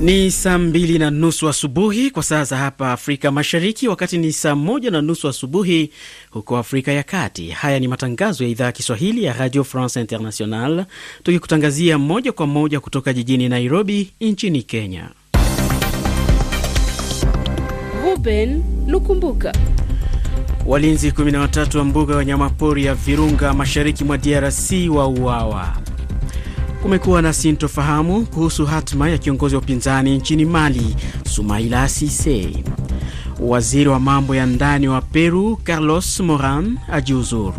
Ni saa mbili na nusu asubuhi kwa saa za hapa Afrika Mashariki, wakati ni saa moja na nusu asubuhi huko Afrika ya Kati. Haya ni matangazo ya idhaa ya Kiswahili ya Radio France International, tukikutangazia moja kwa moja kutoka jijini Nairobi nchini Kenya. Ruben Lukumbuka. Walinzi 13 wa mbuga ya wanyamapori ya Virunga mashariki mwa DRC wauawa. Kumekuwa na sintofahamu kuhusu hatima ya kiongozi wa upinzani nchini Mali, Sumaila Sise. Waziri wa mambo ya ndani wa Peru, Carlos Moran, ajiuzuru.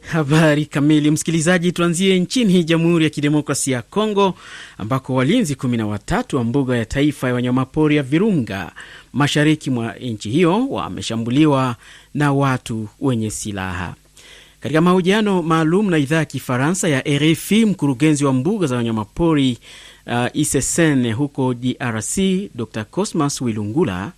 Habari kamili, msikilizaji. Tuanzie nchini Jamhuri ya kidemokrasi ya Kongo ambako walinzi 13 wa mbuga ya taifa ya wanyamapori ya Virunga mashariki mwa nchi hiyo wameshambuliwa na watu wenye silaha. Katika mahojiano maalum na idhaa ya Kifaransa ya RFI, mkurugenzi wa mbuga za wanyamapori uh, Isesene huko DRC Dr Cosmas Wilungula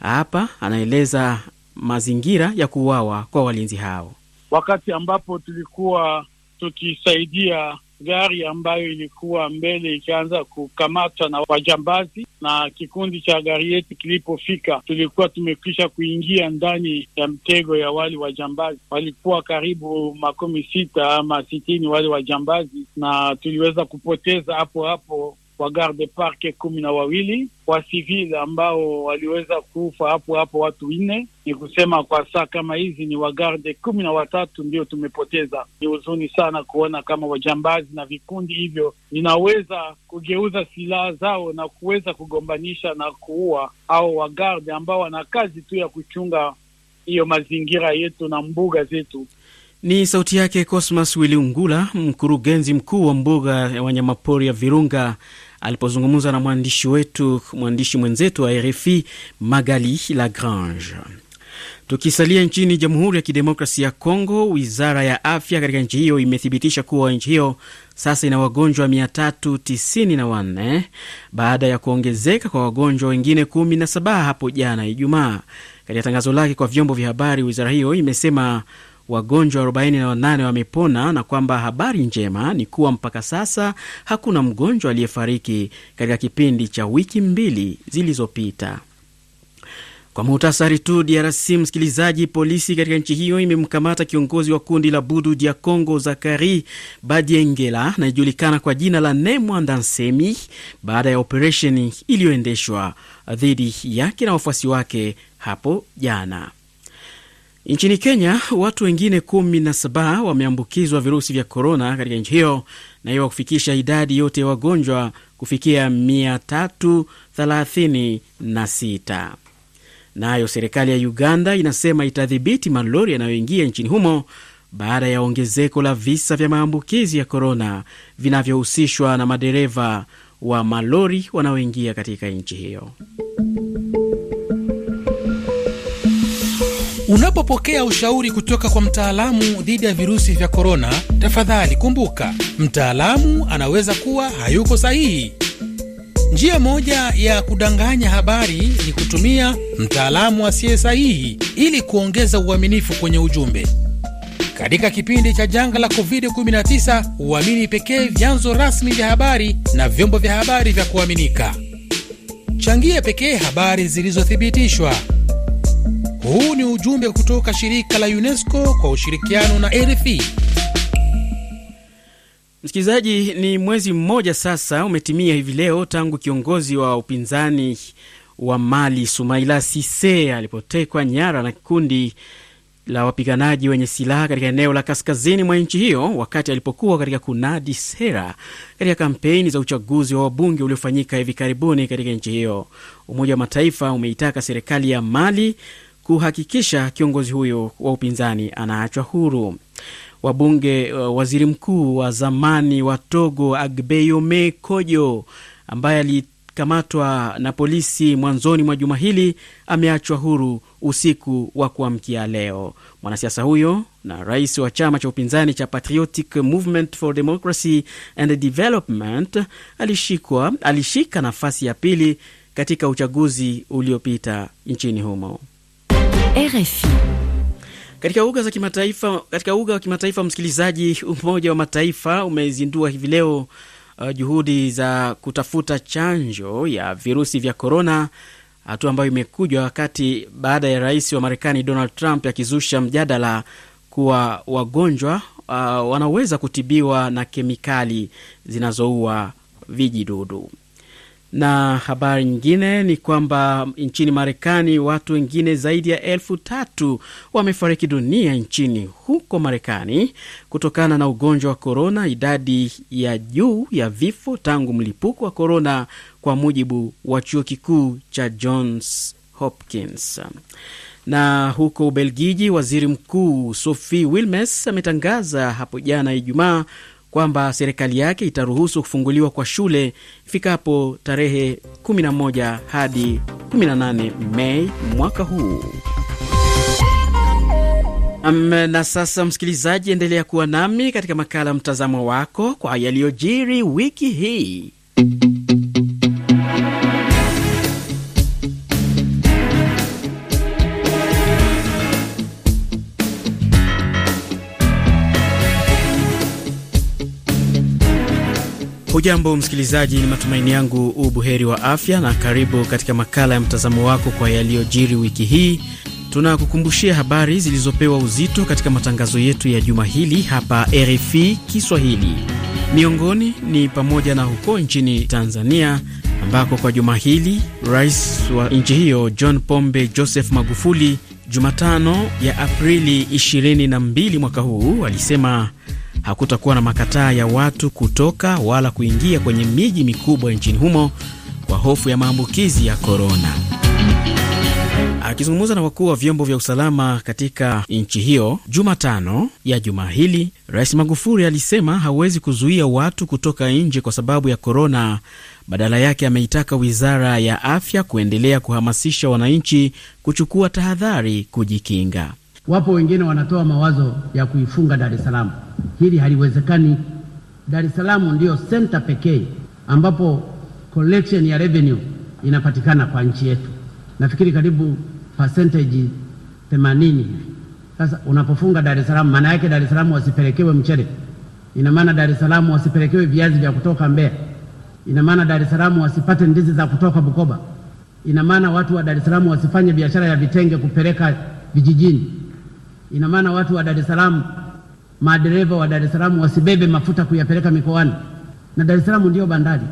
hapa anaeleza mazingira ya kuuawa kwa walinzi hao, wakati ambapo tulikuwa tukisaidia gari ambayo ilikuwa mbele ikaanza kukamatwa na wajambazi, na kikundi cha gari yetu kilipofika, tulikuwa tumekwisha kuingia ndani ya mtego ya wale wajambazi. Walikuwa karibu makumi sita ama sitini wale wajambazi, na tuliweza kupoteza hapo hapo wa garde park kumi na wawili wa sivil ambao waliweza kufa hapo hapo watu nne. Ni kusema kwa saa kama hizi ni wagarde kumi na watatu ndio tumepoteza. Ni huzuni sana kuona kama wajambazi na vikundi hivyo vinaweza kugeuza silaha zao na kuweza kugombanisha na kuua au wagarde ambao wana kazi tu ya kuchunga hiyo mazingira yetu na mbuga zetu. Ni sauti yake Cosmas Wiliungula, mkurugenzi mkuu wa mbuga ya wanyamapori ya Virunga alipozungumza na mwandishi wetu mwandishi mwenzetu wa RFI Magali Lagrange. Tukisalia nchini Jamhuri ya kidemokrasi ya congo wizara ya afya katika nchi hiyo imethibitisha kuwa nchi hiyo sasa ina wagonjwa 394 baada ya kuongezeka kwa wagonjwa wengine 17 hapo jana Ijumaa. Katika tangazo lake kwa vyombo vya habari, wizara hiyo imesema wagonjwa 48 wamepona na kwamba habari njema ni kuwa mpaka sasa hakuna mgonjwa aliyefariki katika kipindi cha wiki mbili zilizopita. Kwa muhtasari tu, DRC msikilizaji, polisi katika nchi hiyo imemkamata kiongozi wa kundi la Budu dia Congo, Zakari Badiengela, anayejulikana kwa jina la Nemwa Ndansemi, baada ya operesheni iliyoendeshwa dhidi yake na wafuasi wake hapo jana. Nchini Kenya, watu wengine 17 wameambukizwa virusi vya korona katika nchi hiyo na hiyo kufikisha idadi yote ya wagonjwa kufikia 336. Nayo serikali ya Uganda inasema itadhibiti malori yanayoingia nchini humo baada ya ongezeko la visa vya maambukizi ya korona vinavyohusishwa na madereva wa malori wanaoingia katika nchi hiyo. Unapopokea ushauri kutoka kwa mtaalamu dhidi ya virusi vya korona, tafadhali kumbuka, mtaalamu anaweza kuwa hayuko sahihi. Njia moja ya kudanganya habari ni kutumia mtaalamu asiye sahihi ili kuongeza uaminifu kwenye ujumbe. Katika kipindi cha janga la COVID-19, uamini pekee vyanzo rasmi vya habari na vyombo vya habari vya kuaminika. Changia pekee habari zilizothibitishwa. Huu ni ujumbe kutoka shirika la UNESCO kwa ushirikiano na RFI. Msikilizaji, ni mwezi mmoja sasa umetimia hivi leo tangu kiongozi wa upinzani wa Mali Sumaila Sise alipotekwa nyara na kikundi la wapiganaji wenye silaha katika eneo la kaskazini mwa nchi hiyo wakati alipokuwa katika kunadi sera katika kampeni za uchaguzi wa wabunge uliofanyika hivi karibuni katika nchi hiyo. Umoja wa Mataifa umeitaka serikali ya Mali kuhakikisha kiongozi huyo wa upinzani anaachwa huru. Wabunge, uh, waziri mkuu wa zamani wa Togo Agbeyome Kojo ambaye alikamatwa na polisi mwanzoni mwa juma hili ameachwa huru usiku wa kuamkia leo. Mwanasiasa huyo na rais wa chama cha upinzani cha Patriotic Movement for Democracy and Development alishikwa, alishika nafasi ya pili katika uchaguzi uliopita nchini humo. RFI. Katika uga za kimataifa, katika uga wa kimataifa msikilizaji, Umoja wa Mataifa umezindua hivi leo uh, juhudi za kutafuta chanjo ya virusi vya korona, hatua ambayo imekujwa wakati baada ya rais wa Marekani Donald Trump akizusha mjadala kuwa wagonjwa uh, wanaweza kutibiwa na kemikali zinazoua vijidudu. Na habari nyingine ni kwamba nchini Marekani watu wengine zaidi ya elfu tatu wamefariki dunia nchini huko Marekani kutokana na ugonjwa wa korona, idadi ya juu ya vifo tangu mlipuko wa korona, kwa mujibu wa chuo kikuu cha Johns Hopkins. Na huko Ubelgiji, waziri mkuu Sophie Wilmes ametangaza hapo jana Ijumaa kwamba serikali yake itaruhusu kufunguliwa kwa shule ifikapo tarehe 11 hadi 18 Mei mwaka huu. Na sasa, msikilizaji, endelea kuwa nami katika makala mtazamo wako kwa yaliyojiri wiki hii. Hujambo msikilizaji, ni matumaini yangu ubuheri wa afya, na karibu katika makala ya mtazamo wako kwa yaliyojiri wiki hii. Tunakukumbushia habari zilizopewa uzito katika matangazo yetu ya juma hili hapa RFI Kiswahili. Miongoni ni pamoja na huko nchini Tanzania ambako kwa juma hili rais wa nchi hiyo John Pombe Joseph Magufuli Jumatano ya Aprili 22 mwaka huu alisema hakutakuwa na makataa ya watu kutoka wala kuingia kwenye miji mikubwa nchini humo kwa hofu ya maambukizi ya korona. Akizungumza na wakuu wa vyombo vya usalama katika nchi hiyo Jumatano ya juma hili, Rais Magufuli alisema hawezi kuzuia watu kutoka nje kwa sababu ya korona. Badala yake ameitaka wizara ya afya kuendelea kuhamasisha wananchi kuchukua tahadhari kujikinga. Wapo wengine wanatoa mawazo ya kuifunga Dar es Salaam. Hili haliwezekani. Dar es Salaam ndiyo senta pekee ambapo collection ya revenue inapatikana kwa nchi yetu, nafikiri karibu percentage 80 hivi. Sasa unapofunga Dar es Salaam, maana yake Dar es Salaam wasipelekewe mchele, ina maana Dar es Salaam wasipelekewe viazi vya kutoka Mbeya, ina maana Dar es Salaam wasipate ndizi za kutoka Bukoba, ina maana watu wa Dar es Salaam wasifanye biashara ya vitenge kupeleka vijijini. Ina maana watu wa Dar es Salaam, madereva wa Dar es Salaam wasibebe mafuta kuyapeleka mikoani, na Dar es Salaam ndiyo bandari.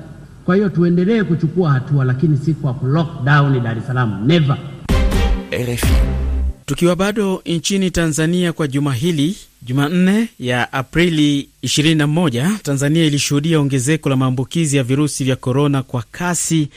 Kwa hiyo tuendelee kuchukua hatua, lakini si kwa lockdown Dar es Salaam, never. RFI. Tukiwa bado nchini Tanzania kwa juma hili, Jumanne ya Aprili 21, Tanzania ilishuhudia ongezeko la maambukizi ya virusi vya korona kwa kasi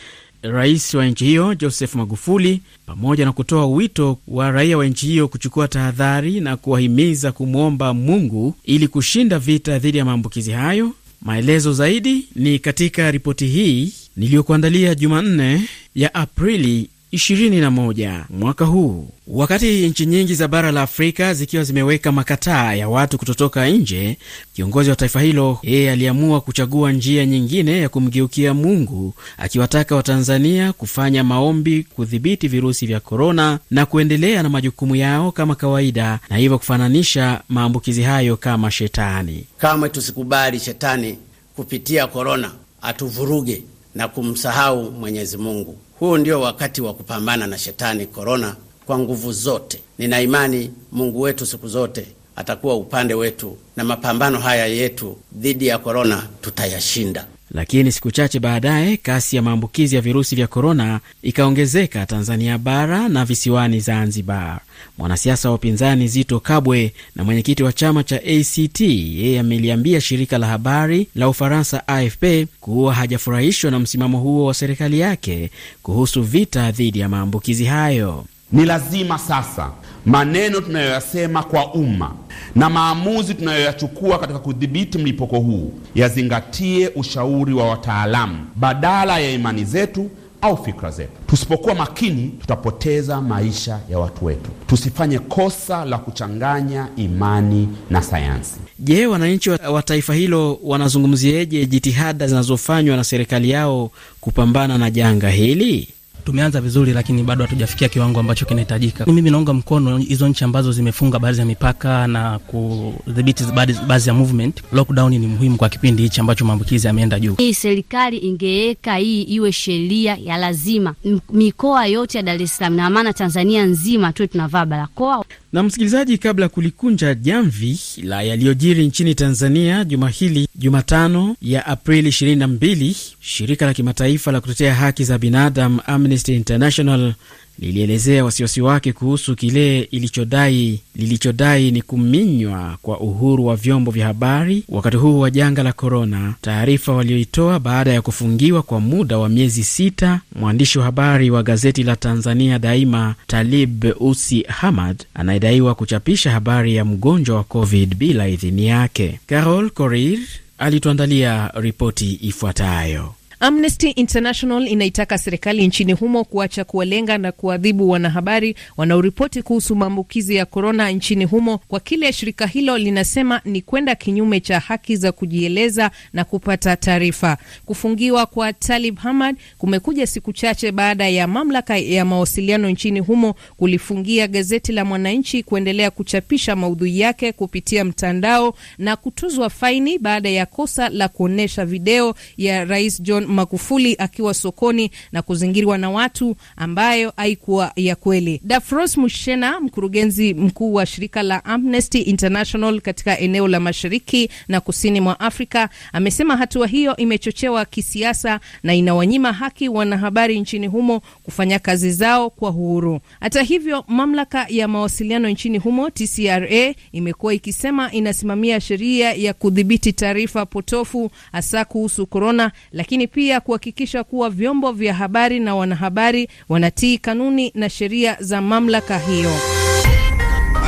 rais wa nchi hiyo Joseph Magufuli, pamoja na kutoa wito wa raia wa nchi hiyo kuchukua tahadhari na kuwahimiza kumwomba Mungu ili kushinda vita dhidi ya maambukizi hayo. Maelezo zaidi ni katika ripoti hii niliyokuandalia Jumanne ya Aprili 21 mwaka huu, wakati nchi nyingi za bara la Afrika zikiwa zimeweka makataa ya watu kutotoka nje. Kiongozi wa taifa hilo yeye aliamua kuchagua njia nyingine ya kumgeukia Mungu, akiwataka Watanzania kufanya maombi kudhibiti virusi vya korona na kuendelea na majukumu yao kama kawaida, na hivyo kufananisha maambukizi hayo kama shetani. Kamwe tusikubali shetani kupitia korona atuvuruge na kumsahau Mwenyezi Mungu. Huu ndio wakati wa kupambana na shetani korona kwa nguvu zote. Nina imani Mungu wetu siku zote atakuwa upande wetu, na mapambano haya yetu dhidi ya korona tutayashinda. Lakini siku chache baadaye kasi ya maambukizi ya virusi vya korona ikaongezeka Tanzania bara na visiwani Zanzibar. Mwanasiasa wa upinzani Zito Kabwe na mwenyekiti wa chama cha ACT yeye ameliambia shirika la habari la Ufaransa AFP kuwa hajafurahishwa na msimamo huo wa serikali yake kuhusu vita dhidi ya maambukizi hayo. Ni lazima sasa maneno tunayoyasema kwa umma na maamuzi tunayoyachukua katika kudhibiti mlipuko huu yazingatie ushauri wa wataalamu badala ya imani zetu au fikra zetu. Tusipokuwa makini, tutapoteza maisha ya watu wetu. Tusifanye kosa la kuchanganya imani na sayansi. Je, wananchi wa taifa hilo wanazungumzieje jitihada zinazofanywa na serikali yao kupambana na janga hili? tumeanza vizuri, lakini bado hatujafikia kiwango ambacho kinahitajika. Mimi naunga mkono hizo nchi ambazo zimefunga baadhi ya mipaka na kudhibiti baadhi ya movement. Lockdown ni muhimu kwa kipindi hichi ambacho maambukizi yameenda juu. Hii serikali ingeweka hii iwe sheria ya lazima, mikoa yote ya Dar es Salaam na maana Tanzania nzima tuwe tunavaa barakoa. Na msikilizaji, kabla ya kulikunja jamvi la yaliyojiri nchini Tanzania juma hili, Jumatano ya Aprili 22, shirika la kimataifa la kutetea haki za binadamu Amnesty International lilielezea wasiwasi wake kuhusu kile ilichodai lilichodai ni kuminywa kwa uhuru wa vyombo vya habari wakati huu wa janga la korona. Taarifa walioitoa baada ya kufungiwa kwa muda wa miezi sita, mwandishi wa habari wa gazeti la Tanzania Daima Talib Usi Hamad anayedaiwa kuchapisha habari ya mgonjwa wa COVID bila idhini yake. Carol Korir alituandalia ripoti ifuatayo. Amnesty International inaitaka serikali nchini humo kuacha kuwalenga na kuadhibu wanahabari wanaoripoti kuhusu maambukizi ya korona nchini humo kwa kile shirika hilo linasema ni kwenda kinyume cha haki za kujieleza na kupata taarifa. Kufungiwa kwa Talib Hamad kumekuja siku chache baada ya mamlaka ya mawasiliano nchini humo kulifungia gazeti la Mwananchi kuendelea kuchapisha maudhui yake kupitia mtandao na kutuzwa faini baada ya kosa la kuonyesha video ya Rais John Magufuli akiwa sokoni na kuzingirwa na watu ambayo haikuwa ya kweli. Dafros Mushena, mkurugenzi mkuu wa shirika la Amnesty International katika eneo la mashariki na kusini mwa Afrika, amesema hatua hiyo imechochewa kisiasa na inawanyima haki wanahabari nchini humo kufanya kazi zao kwa uhuru Hata hivyo, mamlaka ya mawasiliano nchini humo TCRA imekuwa ikisema inasimamia sheria ya kudhibiti taarifa potofu hasa kuhusu korona, lakini pia pia kuhakikisha kuwa vyombo vya habari na wanahabari wanatii kanuni na sheria za mamlaka hiyo.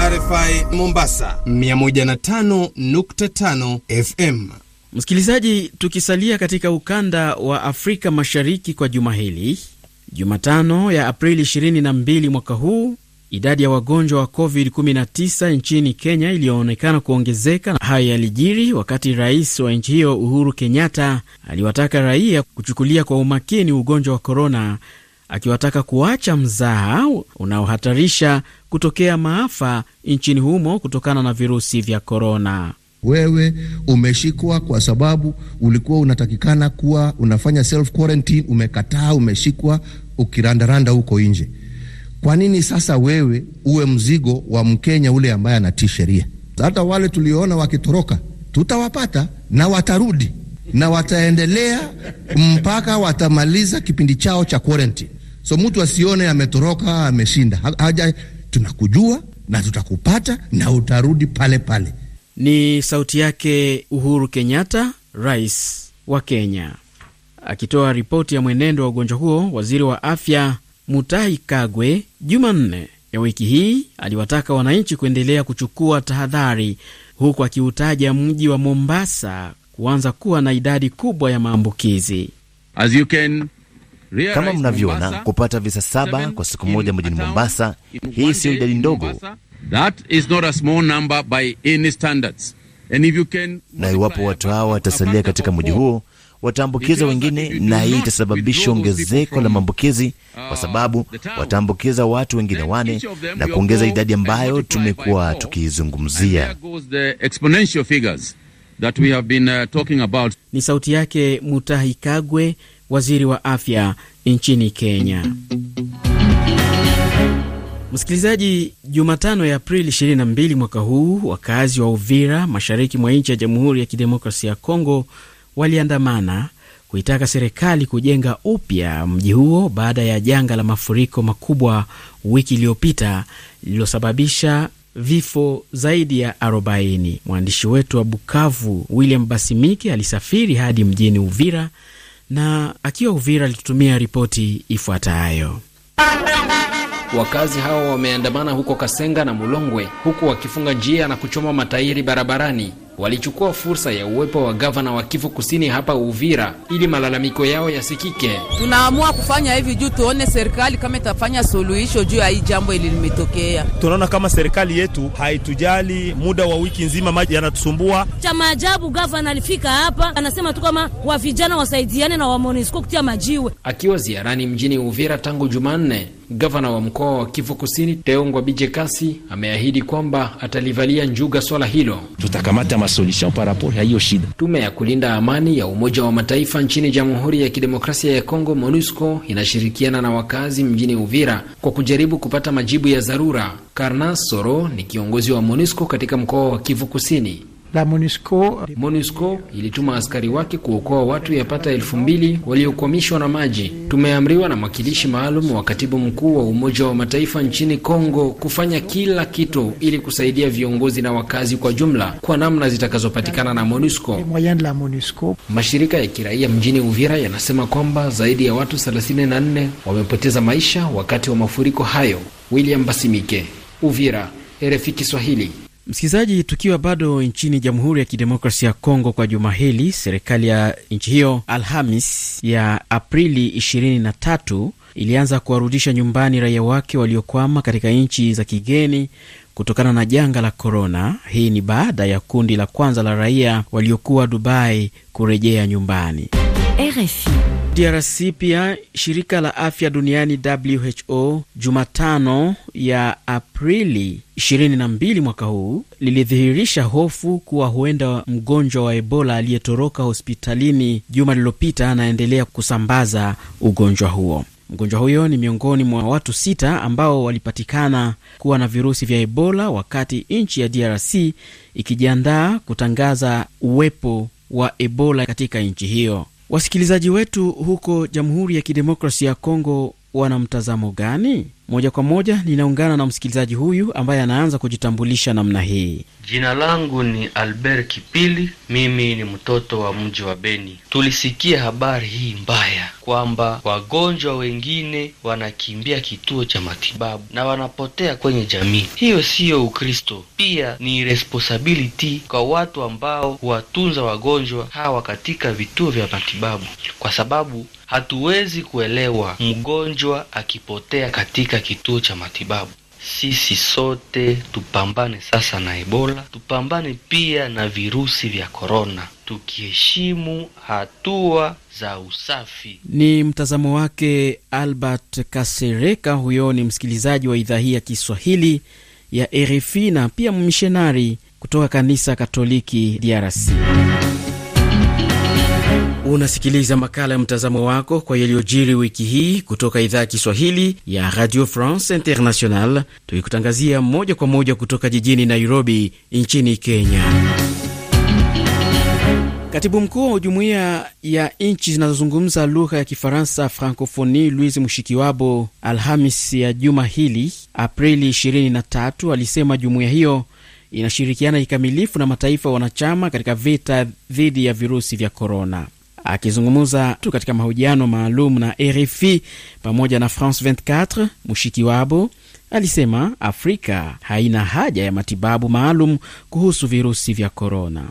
RFI Mombasa 105.5 FM. Msikilizaji, tukisalia katika ukanda wa Afrika Mashariki kwa juma hili, Jumatano ya Aprili 22 mwaka huu Idadi ya wagonjwa wa COVID-19 nchini Kenya iliyoonekana kuongezeka. Hayo yalijiri wakati rais wa nchi hiyo Uhuru Kenyatta aliwataka raia kuchukulia kwa umakini ugonjwa wa korona, akiwataka kuacha mzaha unaohatarisha kutokea maafa nchini humo kutokana na virusi vya korona. Wewe umeshikwa kwa sababu ulikuwa unatakikana kuwa unafanya self quarantine, umekataa, umeshikwa ukirandaranda huko nje. Kwa nini sasa wewe uwe mzigo wa Mkenya ule ambaye anatii sheria? Hata wale tuliona wakitoroka tutawapata na watarudi na wataendelea mpaka watamaliza kipindi chao cha quarantine. So mtu asione ametoroka ameshinda, haja tunakujua na tutakupata na utarudi pale pale. Ni sauti yake Uhuru Kenyatta, rais wa Kenya, akitoa ripoti ya mwenendo wa ugonjwa huo. Waziri wa afya Mutahi Kagwe Jumanne ya wiki hii aliwataka wananchi kuendelea kuchukua tahadhari, huku akiutaja mji wa Mombasa kuanza kuwa na idadi kubwa ya maambukizi. Kama mnavyoona kupata visa saba kwa siku moja mjini Mombasa, hii siyo idadi ndogo, na iwapo watu hawa watasalia katika mji huo wataambukiza wengine, na hii itasababisha ongezeko la maambukizi, uh, kwa sababu wataambukiza watu wengine wane na kuongeza idadi ambayo tumekuwa tukiizungumzia. Uh, Ni sauti yake Mutahi Kagwe, waziri wa afya nchini Kenya. Msikilizaji, Jumatano ya Aprili 22 mwaka huu, wakazi wa Uvira, mashariki mwa nchi ya Jamhuri ya Kidemokrasia ya Kongo waliandamana kuitaka serikali kujenga upya mji huo baada ya janga la mafuriko makubwa wiki iliyopita lililosababisha vifo zaidi ya 40. Mwandishi wetu wa Bukavu William Basimike alisafiri hadi mjini Uvira na akiwa Uvira alitutumia ripoti ifuatayo. Wakazi hao wameandamana huko Kasenga na Mulongwe, huku wakifunga njia na kuchoma matairi barabarani walichukua fursa ya uwepo wa gavana wa Kivu Kusini hapa Uvira ili malalamiko yao yasikike. Tunaamua kufanya hivi juu tuone serikali kama itafanya suluhisho juu ya hii jambo ili limetokea. Tunaona kama serikali yetu haitujali, muda wa wiki nzima maji yanatusumbua. Cha maajabu, gavana alifika hapa anasema tu kama wa vijana wasaidiane na wa MONUSCO kutia majiwe. Akiwa ziarani mjini Uvira tangu Jumanne Gavana wa mkoa wa Kivu Kusini Teongwa Bije Kasi ameahidi kwamba atalivalia njuga swala hilo. Tutakamata masolution par rapport ya hiyo shida. Tume ya kulinda amani ya Umoja wa Mataifa nchini Jamhuri ya Kidemokrasia ya Kongo, MONUSCO, inashirikiana na wakazi mjini Uvira kwa kujaribu kupata majibu ya dharura. Karna Soro ni kiongozi wa MONUSCO katika mkoa wa Kivu Kusini la MONUSCO. MONUSCO ilituma askari wake kuokoa watu yapata elfu mbili waliokwamishwa na maji. Tumeamriwa na mwakilishi maalum wa katibu mkuu wa Umoja wa Mataifa nchini Kongo kufanya kila kitu ili kusaidia viongozi na wakazi kwa jumla kwa namna zitakazopatikana na MONUSCO. Mashirika ya kiraia mjini Uvira yanasema kwamba zaidi ya watu 34 wamepoteza maisha wakati wa mafuriko hayo. William Basimike, Uvira, RFI Kiswahili. Msikilizaji, tukiwa bado nchini Jamhuri ya Kidemokrasia ya Kongo, kwa juma hili serikali ya nchi hiyo Alhamis ya Aprili 23 ilianza kuwarudisha nyumbani raia wake waliokwama katika nchi za kigeni kutokana na janga la korona. Hii ni baada ya kundi la kwanza la raia waliokuwa Dubai kurejea nyumbani. RFI. DRC pia shirika la afya duniani WHO Jumatano ya Aprili 22 mwaka huu lilidhihirisha hofu kuwa huenda mgonjwa wa Ebola aliyetoroka hospitalini juma lililopita anaendelea kusambaza ugonjwa huo. Mgonjwa huyo ni miongoni mwa watu sita ambao walipatikana kuwa na virusi vya Ebola wakati nchi ya DRC ikijiandaa kutangaza uwepo wa Ebola katika nchi hiyo. Wasikilizaji wetu huko Jamhuri ya Kidemokrasia ya Kongo wana mtazamo gani? Moja kwa moja ninaungana na msikilizaji huyu ambaye anaanza kujitambulisha namna hii. Jina langu ni Albert Kipili, mimi ni mtoto wa mji wa Beni. Tulisikia habari hii mbaya kwamba wagonjwa wengine wanakimbia kituo cha matibabu na wanapotea kwenye jamii. Hiyo siyo Ukristo, pia ni responsibility kwa watu ambao huwatunza wagonjwa hawa katika vituo vya matibabu, kwa sababu Hatuwezi kuelewa mgonjwa akipotea katika kituo cha matibabu. Sisi sote tupambane sasa na Ebola, tupambane pia na virusi vya korona, tukiheshimu hatua za usafi. Ni mtazamo wake Albert Kasereka. Huyo ni msikilizaji wa idhaa hii ya Kiswahili ya RFI na pia mmishonari kutoka kanisa Katoliki DRC. Unasikiliza makala ya mtazamo wako kwa yaliyojiri wiki hii kutoka idhaa ya Kiswahili ya Radio France International, tukikutangazia moja kwa moja kutoka jijini Nairobi nchini Kenya. Katibu mkuu wa jumuiya ya nchi zinazozungumza lugha ya Kifaransa, Francofoni, Louise Mushikiwabo, Alhamis ya juma hili Aprili 23 alisema jumuiya hiyo inashirikiana kikamilifu na mataifa wanachama katika vita dhidi ya virusi vya korona. Akizungumza tu katika mahojiano maalum na RFI pamoja na France 24, Mushikiwabo alisema Afrika haina haja ya matibabu maalum kuhusu virusi vya korona.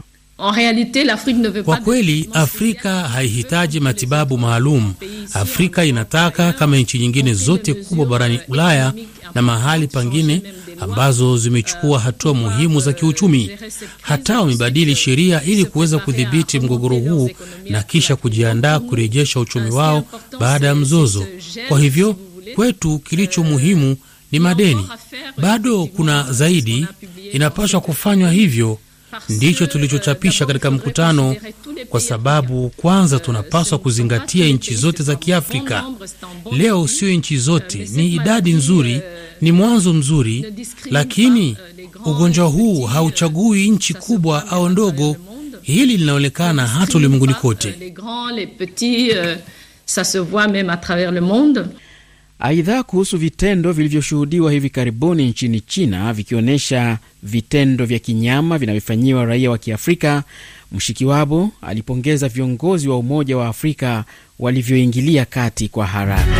Kwa kweli Afrika haihitaji matibabu maalum. Afrika inataka kama nchi nyingine zote kubwa barani Ulaya na mahali pangine ambazo zimechukua hatua muhimu za kiuchumi. Hata wamebadili sheria ili kuweza kudhibiti mgogoro huu na kisha kujiandaa kurejesha uchumi wao baada ya mzozo. Kwa hivyo kwetu kilicho muhimu ni madeni. Bado kuna zaidi inapaswa kufanywa hivyo ndicho tulichochapisha katika mkutano, kwa sababu kwanza tunapaswa kuzingatia nchi zote za Kiafrika. Leo sio nchi zote, ni idadi nzuri, ni mwanzo mzuri, lakini ugonjwa huu hauchagui nchi kubwa au ndogo. Hili linaonekana hata ulimwenguni kote. Aidha, kuhusu vitendo vilivyoshuhudiwa hivi karibuni nchini China vikionyesha vitendo vya kinyama vinavyofanyiwa raia wa Kiafrika, Mshikiwabo alipongeza viongozi wa Umoja wa Afrika walivyoingilia kati kwa haraka.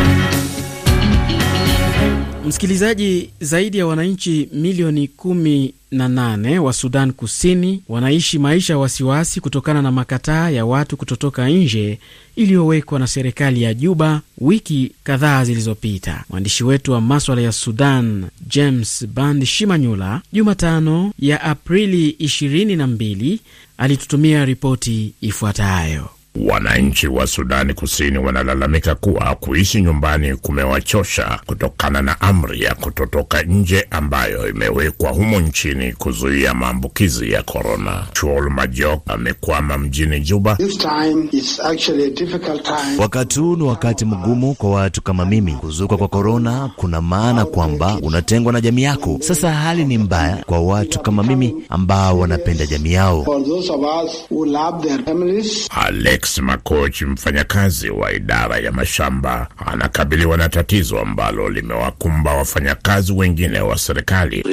Msikilizaji, zaidi ya wananchi milioni kumi na nane wa Sudan Kusini wanaishi maisha ya wasiwasi kutokana na makataa ya watu kutotoka nje iliyowekwa na serikali ya Juba wiki kadhaa zilizopita. Mwandishi wetu wa maswala ya Sudan James Band Shimanyula Jumatano ya Aprili 22 alitutumia ripoti ifuatayo. Wananchi wa Sudani Kusini wanalalamika kuwa kuishi nyumbani kumewachosha kutokana na amri ya kutotoka nje ambayo imewekwa humo nchini kuzuia maambukizi ya korona. Chuol Majok amekwama mjini Juba. Wakati huu ni wakati mgumu kwa watu kama mimi. Kuzuka kwa korona kuna maana kwamba unatengwa na jamii yako. Sasa hali ni mbaya kwa watu kama mimi ambao wanapenda jamii yao. Alex Makoch, mfanyakazi wa idara ya mashamba, anakabiliwa na tatizo ambalo limewakumba wafanyakazi wengine wa serikali.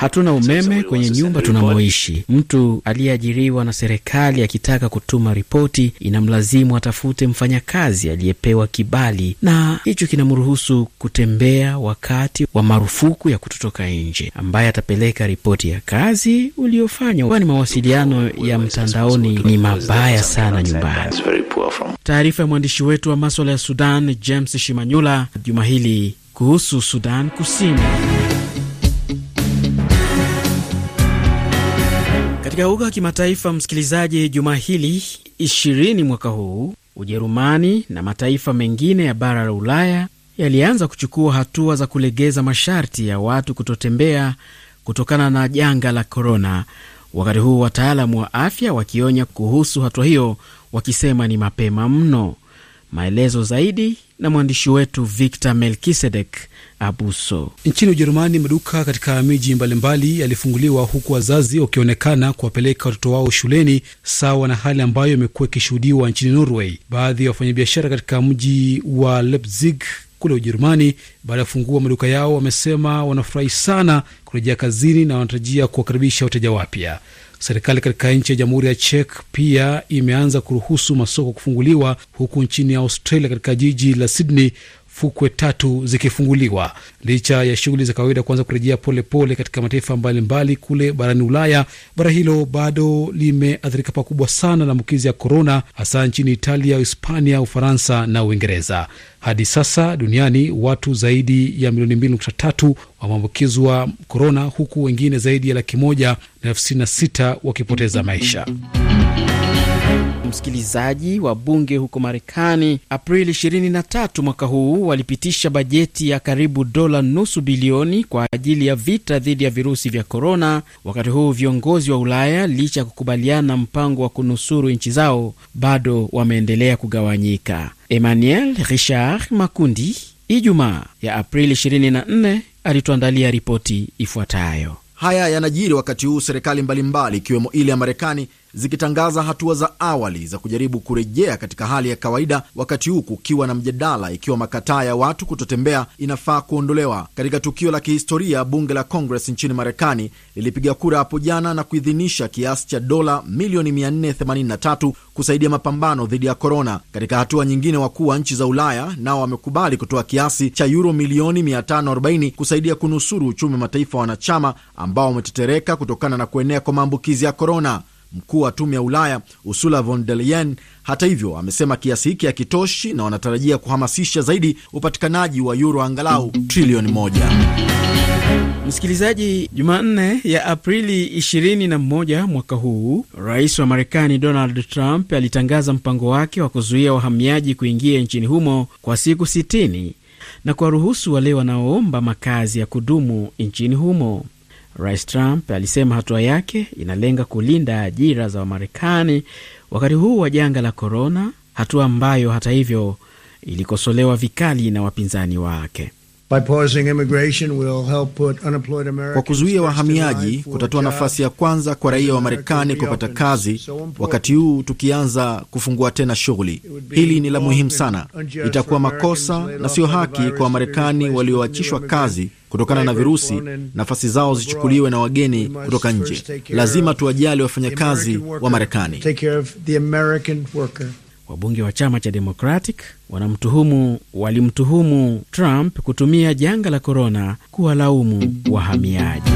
Hatuna umeme kwenye nyumba tunamoishi. Mtu aliyeajiriwa na serikali akitaka kutuma ripoti, inamlazimu atafute mfanyakazi aliyepewa kibali, na hicho kinamruhusu kutembea wakati wa marufuku ya kutotoka nje, ambaye atapeleka ripoti ya kazi uliofanya, kwani mawasiliano ya mtandaoni ni mabaya mbaya sana nyumbani. Taarifa ya mwandishi wetu wa maswala ya Sudan James Shimanyula juma hili kuhusu Sudan Kusini. Katika uga wa kimataifa, msikilizaji, juma hili ishirini mwaka huu Ujerumani na mataifa mengine ya bara la Ulaya yalianza kuchukua hatua za kulegeza masharti ya watu kutotembea kutokana na janga la korona, wakati huu wataalamu wa afya wakionya kuhusu hatua hiyo wakisema ni mapema mno. Maelezo zaidi na mwandishi wetu Victor Melkisedek Abuso. Nchini Ujerumani, maduka katika miji mbalimbali yalifunguliwa huku wazazi wakionekana kuwapeleka watoto wao shuleni, sawa na hali ambayo imekuwa ikishuhudiwa nchini Norway. Baadhi ya wafanyabiashara katika mji wa Leipzig kule Ujerumani baada ya kufungua maduka yao, wamesema wanafurahi sana kurejea kazini na wanatarajia kuwakaribisha wateja wapya. Serikali katika nchi ya Jamhuri ya Czech pia imeanza kuruhusu masoko kufunguliwa, huku nchini Australia katika jiji la Sydney fukwe tatu zikifunguliwa licha ya shughuli za kawaida kuanza kurejea polepole katika mataifa mbalimbali kule barani Ulaya. Bara hilo bado limeathirika pakubwa sana na maambukizi ya korona, hasa nchini Italia, Hispania, Ufaransa na Uingereza. Hadi sasa duniani watu zaidi ya milioni mbili nukta tatu wameambukizwa korona, huku wengine zaidi ya laki moja na elfu sitini na sita wakipoteza maisha. Msikilizaji, wa bunge huko Marekani Aprili 23 mwaka huu walipitisha bajeti ya karibu dola nusu bilioni kwa ajili ya vita dhidi ya virusi vya korona. Wakati huu viongozi wa Ulaya, licha ya kukubaliana mpango wa kunusuru nchi zao, bado wameendelea kugawanyika. Emmanuel Richard Makundi Ijumaa ya Aprili 24 alituandalia ripoti ifuatayo. Haya yanajiri wakati huu serikali mbalimbali ikiwemo ile ya Marekani zikitangaza hatua za awali za kujaribu kurejea katika hali ya kawaida, wakati huu kukiwa na mjadala ikiwa makataa ya watu kutotembea inafaa kuondolewa. Katika tukio la kihistoria, bunge la Congress nchini Marekani lilipiga kura hapo jana na kuidhinisha kiasi cha dola milioni 483 kusaidia mapambano dhidi ya korona. Katika hatua nyingine, wakuu wa nchi za Ulaya nao wamekubali kutoa kiasi cha yuro milioni 540 kusaidia kunusuru uchumi wa mataifa wanachama ambao wametetereka kutokana na kuenea kwa maambukizi ya korona. Mkuu wa tume ya Ulaya Ursula von der Leyen hata hivyo amesema kiasi hiki hakitoshi na wanatarajia kuhamasisha zaidi upatikanaji wa yuro angalau trilioni moja. Msikilizaji, Jumanne ya Aprili 21 mwaka huu, rais wa Marekani Donald Trump alitangaza mpango wake wa kuzuia wahamiaji kuingia nchini humo kwa siku 60 na kuwaruhusu wale wanaoomba makazi ya kudumu nchini humo. Rais Trump alisema hatua yake inalenga kulinda ajira za Wamarekani wakati huu wa janga la korona, hatua ambayo hata hivyo ilikosolewa vikali na wapinzani wake. Kwa kuzuia wahamiaji kutatoa nafasi ya kwanza kwa raia wa Marekani kupata kazi, wakati huu tukianza kufungua tena shughuli. Hili ni la muhimu sana. Itakuwa makosa na sio haki kwa Wamarekani walioachishwa kazi kutokana na virusi, nafasi zao zichukuliwe na wageni kutoka nje. Lazima tuwajali wafanyakazi wa Marekani. Wabunge wa chama cha Democratic wanamtuhumu walimtuhumu Trump kutumia janga la korona kuwalaumu wahamiaji.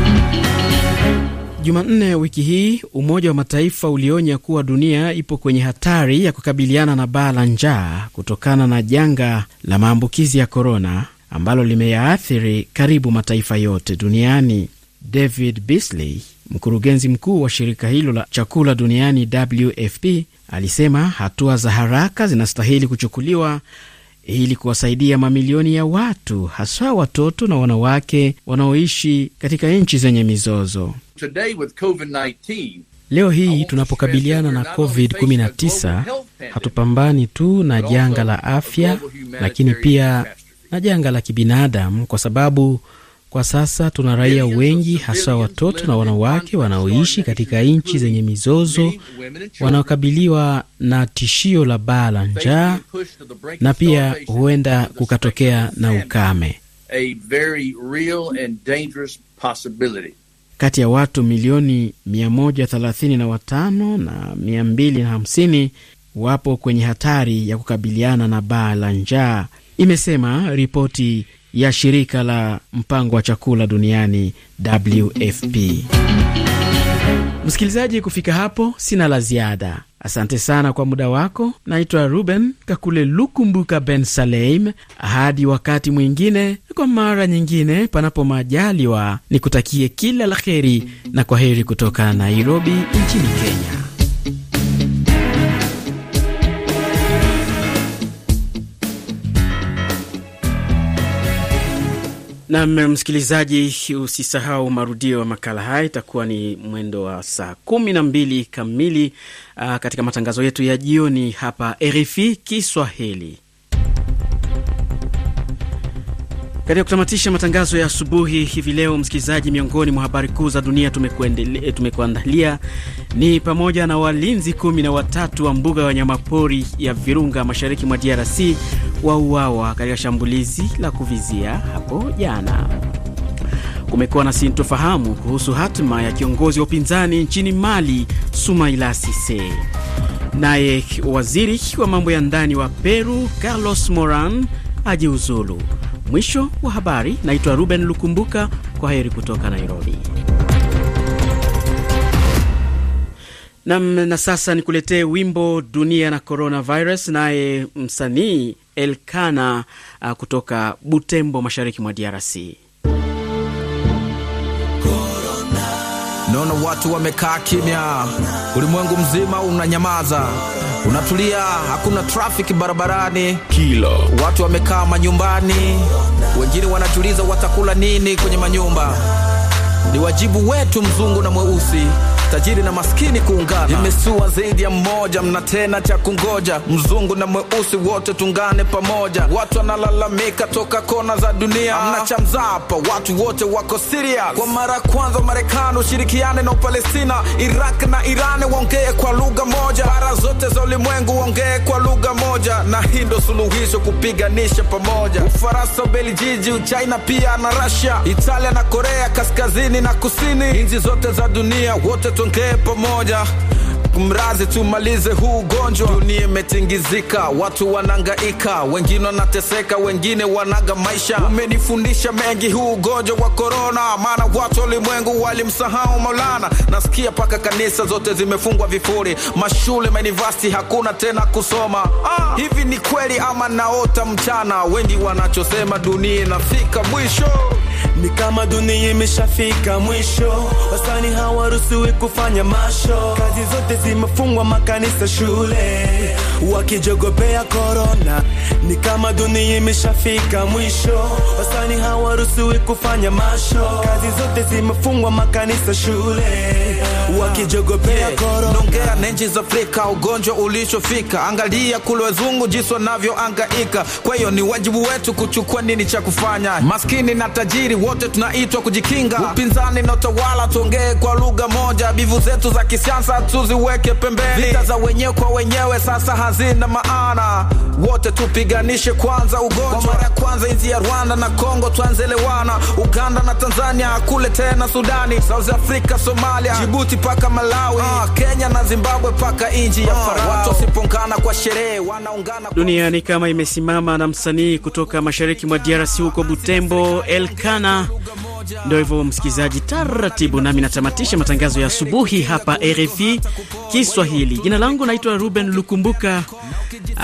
Jumanne wiki hii Umoja wa Mataifa ulionya kuwa dunia ipo kwenye hatari ya kukabiliana na baa la njaa kutokana na janga la maambukizi ya korona ambalo limeyaathiri karibu mataifa yote duniani. David bisley mkurugenzi mkuu wa shirika hilo la chakula duniani WFP, Alisema hatua za haraka zinastahili kuchukuliwa ili kuwasaidia mamilioni ya watu haswa watoto na wanawake wanaoishi katika nchi zenye mizozo. Today with COVID-19, leo hii tunapokabiliana na COVID-19 hatupambani tu na janga la afya, lakini pia na janga la kibinadamu, kwa sababu kwa sasa tuna raia wengi, hasa watoto na wanawake wanaoishi katika nchi zenye mizozo, wanaokabiliwa na tishio la baa la njaa na pia huenda kukatokea na ukame. Kati ya watu milioni 135 na 250 wapo kwenye hatari ya kukabiliana na baa la njaa, imesema ripoti ya shirika la mpango wa chakula duniani WFP. Msikilizaji, kufika hapo sina la ziada. Asante sana kwa muda wako. Naitwa Ruben Kakule Lukumbuka Ben Saleim. Hadi wakati mwingine, kwa mara nyingine, panapo majaliwa, nikutakie kila la heri na kwa heri kutoka Nairobi nchini Kenya. Nam msikilizaji, usisahau marudio ya makala haya, itakuwa ni mwendo wa saa kumi na mbili kamili uh, katika matangazo yetu ya jioni hapa RFI Kiswahili. Katika kutamatisha matangazo ya asubuhi hivi leo, msikilizaji, miongoni mwa habari kuu za dunia tumekuandalia ni pamoja na walinzi kumi na watatu wa mbuga ya wanyamapori ya Virunga mashariki mwa DRC wauawa katika shambulizi la kuvizia hapo jana. Kumekuwa na sintofahamu kuhusu hatima ya kiongozi wa upinzani nchini Mali, Sumaila Sise. Naye waziri wa mambo ya ndani wa Peru, Carlos Moran, ajiuzulu. Mwisho wa habari. Naitwa Ruben Lukumbuka, kwa heri kutoka Nairobi. Nam, na sasa nikuletee wimbo dunia na coronavirus, naye msanii Elkana uh, kutoka Butembo, mashariki mwa DRC. Naona watu wamekaa kimya, ulimwengu mzima unanyamaza, unatulia, hakuna trafiki barabarani Kilo. Watu wamekaa manyumbani, wengine wanajiuliza watakula nini kwenye manyumba. Ni wajibu wetu mzungu na mweusi tajiri na maskini kuungana, imesua zaidi ya mmoja, mna tena cha kungoja, mzungu na mweusi wote tungane pamoja. Watu wanalalamika toka kona za dunia, mna cha mzapa, watu wote wako Siria. Kwa mara ya kwanza Marekani ushirikiane na Upalestina, Iraq na Irani waongee kwa lugha moja, bara zote za ulimwengu waongee kwa lugha moja, na hii ndo suluhisho kupiganisha pamoja, Ufaransa, Ubelijiji, Uchina pia na Rasia, Italia na Korea kaskazini na kusini, nchi zote za dunia wote tutonge pamoja mrazi tumalize huu ugonjwa, dunia imetingizika, watu wanangaika, wengine wanateseka, wengine wanaga maisha. Umenifundisha mengi huu ugonjwa wa korona, maana watu walimwengu walimsahau Maulana. Nasikia paka kanisa zote zimefungwa vifuri, mashule manivasti hakuna tena kusoma. Ah, hivi ni kweli ama naota mchana? Wengi wanachosema dunia inafika mwisho ni kama dunia imeshafika mwisho, wasanii hawaruhusiwi kufanya masho, kazi zote zimefungwa, makanisa, shule wakijogopea korona. Ni kama dunia imeshafika mwisho, wasanii hawaruhusiwi kufanya masho, kazi zote zimefungwa, makanisa, shule wakijogopea korona. Nongea na nchi za Afrika, ugonjwa ulishofika, angalia kule wazungu jinsi wanavyoangaika. Kwa hiyo ni wajibu wetu kuchukua nini cha kufanya, maskini na tajiri wote tunaitwa kujikinga. Upinzani na utawala tuongee kwa lugha moja, bivu zetu za kisiasa tuziweke pembeni. Vita za wenyewe kwa wenyewe sasa hazina maana, wote tupiganishe kwanza ugonjwa. Kwa mara ya kwanza nchi ya Rwanda na Kongo twanzelewana, Uganda na Tanzania kule tena Sudani, South Africa, Somalia, Jibuti paka Malawi, ah, Kenya na Zimbabwe paka inji ya ah, Farao. Watu wasipongana kwa sherehe wanaungana. Dunia ni kama imesimama na msanii kutoka mashariki mwa DRC huko Butembo Elkana ndio hivyo msikilizaji, taratibu nami natamatisha matangazo ya asubuhi hapa RFI Kiswahili. Jina langu naitwa Ruben Lukumbuka.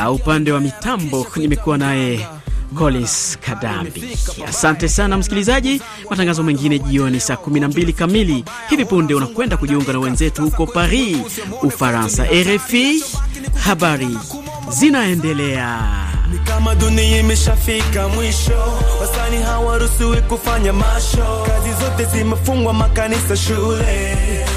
Uh, upande wa mitambo nimekuwa naye Collins Kadambi. Asante sana msikilizaji. Matangazo mengine jioni saa 12 kamili. Hivi punde unakwenda kujiunga na wenzetu huko Paris, Ufaransa. RFI, habari zinaendelea. Nikamaduni imeshafika mwisho, hawa hawaruhusiwi kufanya masho, kazi zote zimefungwa, makanisa, shule